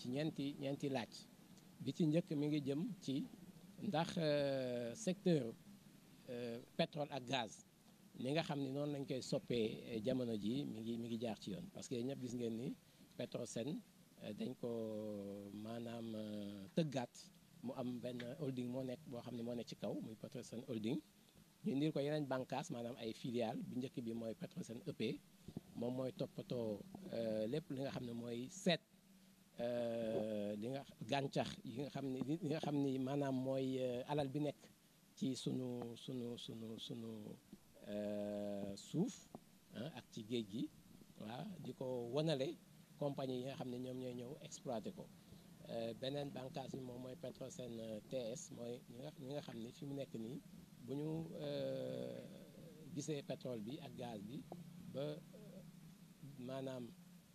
ci ñeenti ñeenti laaj bi ci njëkk mi ngi jëm ci ndax euh, secteur euh, pétrole ak gaz li nga xam ni noonu lañ koy soppee euh, jamono ji mi ngi mi ngi jaar ci yoon parce que ñëpp gis ngeen ni Petrosen dañ ko maanaam tëggaat mu am benn holding moo nekk boo xam ne moo nekk ci kaw muy Petrosen holding ñu ndir ko yeneen bànqaas maanaam ay filiale bu njëkk bi mooy Petrosen EP moom mooy toppatoo lépp li nga xam ne mooy seet li euh, nga gàncax yi nga xamni li nga euh, alal bi ci sunu compagnie yi nga TS euh, moy nga pétrole gaz bi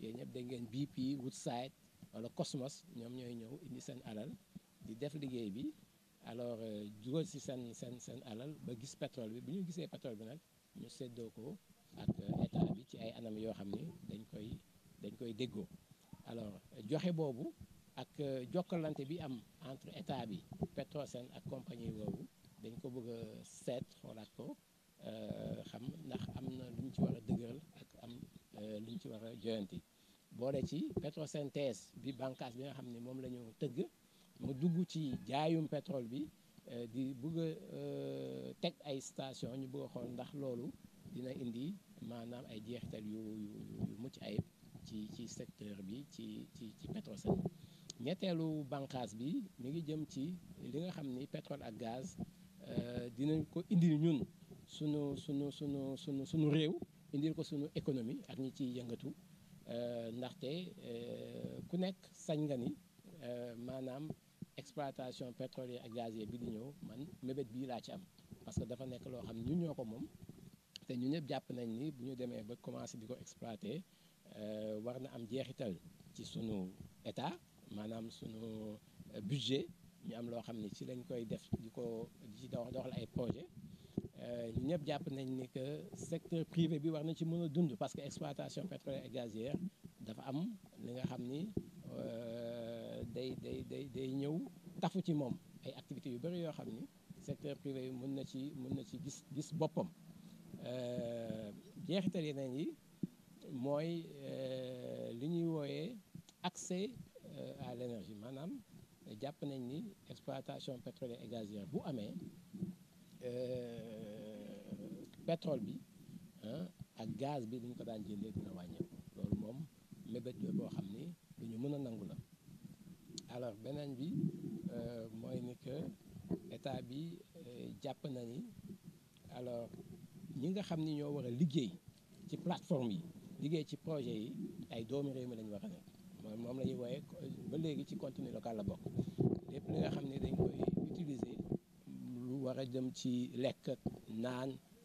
yooyu ñëpp dégg ngeen BP Woodside wala Cosmos ñoom ñooy ñëw indi seen alal di def liggéey bi alors euh, dugal si seen seen seen alal ba gis pétrole bi bu ñu gisee pétrole bi nag ñu séddoo ko ak euh, état bi ci ay anam yoo xam ni dañ koy dañ koy déggoo alors joxe boobu ak euh, jokkalante bi am entre état bi Petrosen ak compagnie boobu dañ ko bëgg a seet xoolaat ko xam ndax am na lu ñu ci war a dëgëral Euh, li ñu ci war a joyanti boole ci pétrosynthèse bi banqaas bi nga xam ne moom la ñu tëgg mu dugg ci jaayum pétrole bi euh, di bëgg a euh, teg ay station ñu bëgg a xool ndax loolu dina indi maanaam ay jeexital yu yu mucc ayib ci ci secteur bi ci ci ci Petrosen ñetteelu banqaas bi mu ngi jëm ci li nga xam ni pétrole ak gaz dinañ ko indi ñun sunu sunu sunu sunu sunu réew Nous ko sunu économie ak ñi yëngatu euh, ndaxte euh, ku nekk sañ nga ni euh, exploitation pétrolière ak gazière bi di ñëw man mébét bii laa parce que dafa nekk loo xam ñun ñoo ko moom te ñëpp nañ ni bu ñu ba commencé am jeexital ci sunu état maanaam sunu budget ñu am loo xam ci lañ koy def di ko ñëpp jàpp nañ ni que secteur privé bi war na ci mën dund parce que exploitation pétrolière et gazière dafa am li nga xam des euh, day day day day ñëw tafu ci ay activités yu bëri secteur privé yi mën na ci mën na ci gis gis boppam euh, jeexital yeneen yi euh, li ñuy accès à l'énergie manam jàpp nañ ni exploitation pétrolière et gazière bu amee pétrole bi hein ak gaz bi ni ñu ko daan jëndee dina wàññeeku loolu moom mébét la boo xam ni lu ñu mën a nangu la alors beneen bi euh, mooy ni que état bi euh, jàpp na ni alors ñi nga xam ni ñoo war a liggéey ci plateforme yi liggéey ci projet yi ay doomi réew mi la ñu war a nekk moom moom la ñuy wooye ba léegi ci contenu local la bokk lépp li nga xam ne dañ koy utiliser lu war a jëm ci lekk naan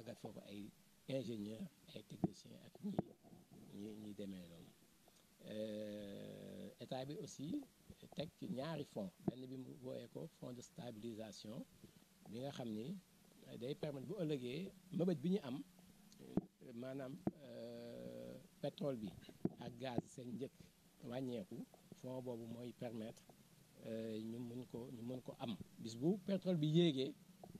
tàggat foofu ay ingénieur ay technicien ak ñi ñi ñuy demee loolu euh, état bi aussi teg ñaari fonds benn bi mu wooyee ko fonds de stabilisation bi nga xam ni day permettre bu ëllëgee mëbët bi ñu am euh, maanaam euh, pétrole bi ak gaz seen njëkk wàññeeku fonds boobu mooy permettre ñu mën ko ñu mën ko am bis bu pétrole bi yéegee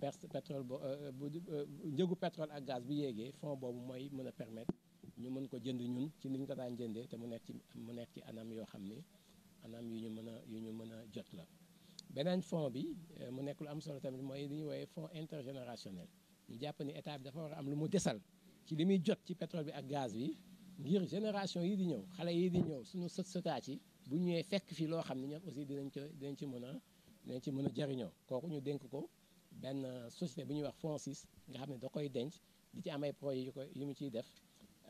perte pétrole bo euh, bu euh, njëgu pétrole ak gaz bi yéegee fond bobu moy mën permettre ñu mën ko jënd ñun ci ni ko daan jëndé te mu nekk ci mu nekk ci anam yo xamné anam yu ñu mën yu ñu mën jot la. benen fond bi euh, mu nekk lu am solo tamit moy li ñu woowee fond intergénérationnel ñu japp ni état bi dafa war am lu mu desal ci limuy jot ci pétrole bi ak gaz bi ngir génération yi di ñëw xalé yi di ñëw suñu sët sëtaat yi bu ñëwé fekk fi loo xam ne ñoom aussi dinañ ko dinañ ci mën a dinañ ci mën a jariñoo ñu dénk ko ben société bu ñuy wax FONSIS nga xam ne da koy denc di ci am ay projet yu ko yu mu ciy def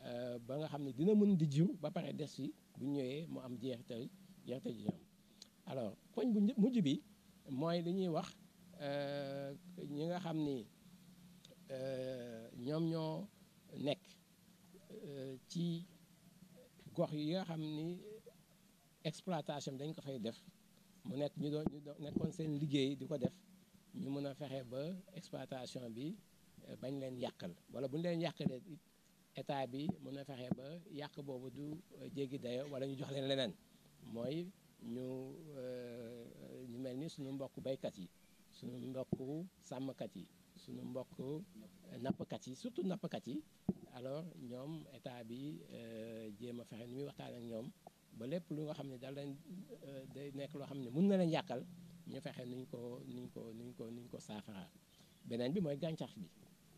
euh, ba nga xam ne dina mën di jiw ba pare des yi bu ñëwee mu am jeexital jeexital ji ñoom alors koñ bu mujj bi mooy li ñuy wax euh, ñi nga xam ni ñoom ñoo nekk ci gox yi nga xam ni exploitation dañ ko fay def mu nekk ñu doon ñu doon nekkoon seen liggéey di ko def ñu mën a fexe ba exploitation bi euh, bañ leen yàqal wala bu ñu leen yàqalee état bi mun a fexe ba yàq boobu du euh, jéggi dayo wala ñu jox leen leneen mooy ñu euh, ñu mel ni suñu mbokk baykat yi suñu mbokk sàmmkat yi suñu mbokk nappkat yi surtout nappkat yi alors ñoom état bi jéem a fexe nu muy waxtaan ak ñoom ba lépp lu nga xam ne da leen day nekk loo xam ne mun na leen yàqal ñu fexe nuñ ko nuñ ko nuñ ko nuñ ko saafara beneen bi mooy gàncax bi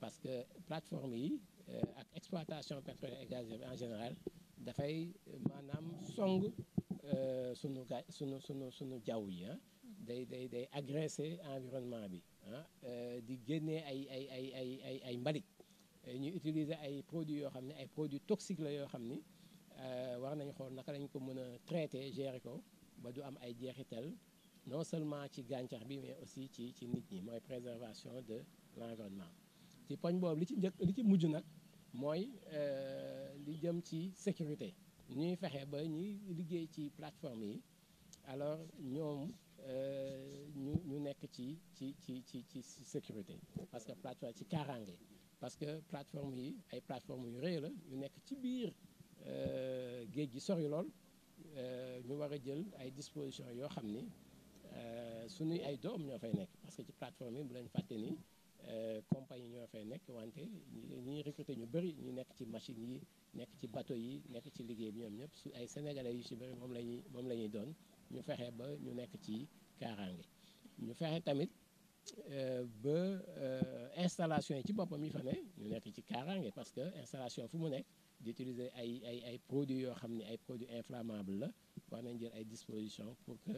parce que plateforme yi euh, ak exploitation pétrole et gaz en général dafay euh, maanaam song euh, sunu ga sunu sunu sunu jaww ji ah day day day agressé environnement bi ah di génnee ay ay ay ay ay ay mbalit ñu utiliser ay produits yoo xam ne ay produits toxiques la yoo xam ni war nañ xool naka lañ ko mën a traité gérer ko ba du am ay jeexital non seulement ci gàncax bi mais aussi ci ci nit ñi mooy préservation de l'environnement ci poñ boobu li ci njëkk li ci mujj nag mooy euh, li jëm ci sécurité ñuy fexe ba ñuy liggéey ci plateforme yi alors ñoom euh, ñu ñu nekk ci ci ci ci ci sécurité parce que plateforme ci kaaraange parce que plateforme yi ay plateforme yu rëy la ñu nekk ci biir euh, géej gi sori lool ñu war a jël ay dispositions yoo xam ni euh, suñuy ay doom ñoo fay nekk parce que ci plateforme yi bu leen fàtte ni euh, compagnie ñoo fay nekk wante ñi recruter ñu bëri ñu nekk ci machine yi nekk ci bateau yi nekk ci liggéey bi ñoom ñëpp su ay sénégalais yu ci bëri moom la ñuy moom la ñuy doon ñu fexe ba ñu nekk ci kaaraange ñu fexe tamit euh, ba installation yi ci boppam yi fa ne ñu nekk ci kaaraange parce que installation fu mu nekk di utiliser ay ay ay produits yoo xam ne ay produits inflammables la war nañ jël ay dispositions pour que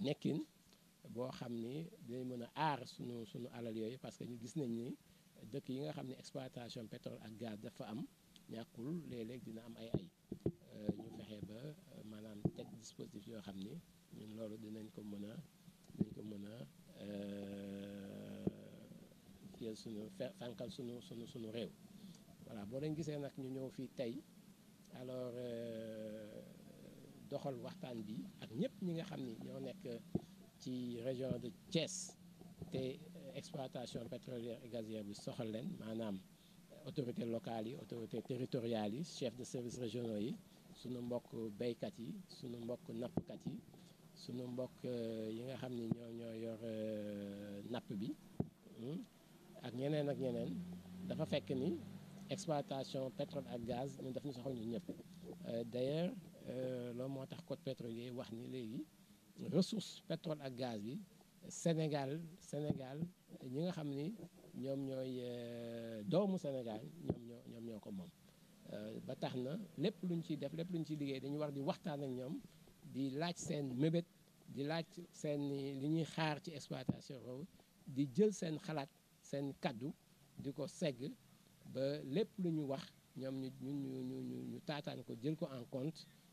nekkin boo xam ni dinañ mën a aar sunu sunu alal yooyu parce que ñu gis nañ ni dëkk yi nga xam ne exploitation pétrole ak gaz dafa am ñàkkul léeg-léeg dina am ay ay euh, ñu fexe ba euh, maanaam teg dispositif yoo xam ni ñun loolu dinañ ko mën a dinañ ko mën a kiyal euh, sunu fànkal sunu sunu sunu réew voilà boo leen gisee nag ñu ñëw fii tey alors. doxal waxtaan bi ak ñëpp ñi nga xam ni ñoo nekk ci région de Thiès te euh, exploitation pétrolière et gazière bi soxal leen maanaam euh, autorités locales yi autorités territoriales yi chef de services régionaux yi suñu mbokk béykat yi suñu mbokk nappkat yi suñu mbokk euh, yi nga xam ni ñoo ñoo yor napp bi hmm, ak ñeneen ak ñeneen dafa fekk ni exploitation pétrole ak gaz ñun daf ñu soxal ñun ñëpp d'ailleurs euh, loolu moo tax code pétrolier wax ni léegi ressource pétrole ak gaz bi Sénégal Sénégal ñi nga xam ni ñoom ñooy euh, doomu Sénégal ñoom ñoo ñoom ñoo ko moom euh, ba tax na lépp lu ñu def lépp luñ ci liggéey dañu war di waxtaan ak ñoom di laaj seen mébét di laaj seen li ñuy xaar ci exploitation boobu di jël seen xalaat seen kaddu di ko segg ba lépp lu ñu wax ñoom ñu ñu ñu ñu ñu taataan ko jël ko en compte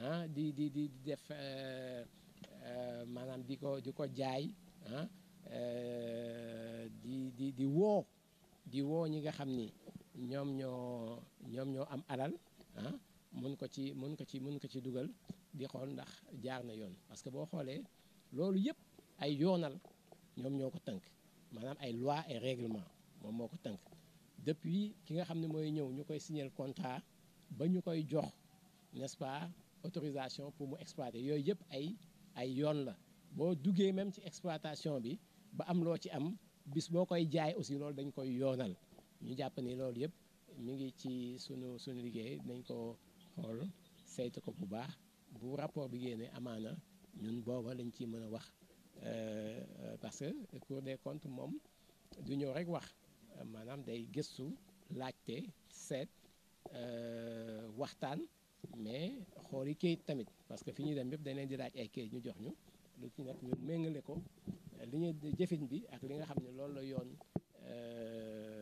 ah di di di def eh, eh, maanaam di ko di ko jaay ah eh, di di di woo di woo ñi nga xam ni ñoom ñoo ñoom ñoo am alal ah, mën ko ci mën ko ci mun ko ci dugal di xool ndax jaar na yoon parce que boo xoolee loolu yëpp ay yoonal ñoom ñoo ko tënk maanaam ay loi ay règlement moom moo ko tënk depuis ki nga xam ne mooy ñëw ñu koy signer contrat ba ñu koy jox n'est-ce autorisation pour mu exploiter yooyu yëpp ay ay yoon la boo duggee même ci exploitation bi ba am loo ci am bis boo koy jaay aussi loolu dañ koy yoonal ñu jàpp ni loolu yëpp mu ngi ci sunu sunu liggéey dañ ko xool saytu ko bu baax bu rapport bi génnee amaana ñun booba lañ ciy mën a wax euh, parce que Cour des comptes moom du ñëw rek wax maanaam day gëstu laajte seet euh, waxtaan mais xool yi kayit tamit parce que fi ñuy dem yëpp dana di laaj ay kayit ñu jox ñu lu ci nekk ñun méngale ko li ñuy jëfin bi ak li nga xam ne loolu la yoon euh,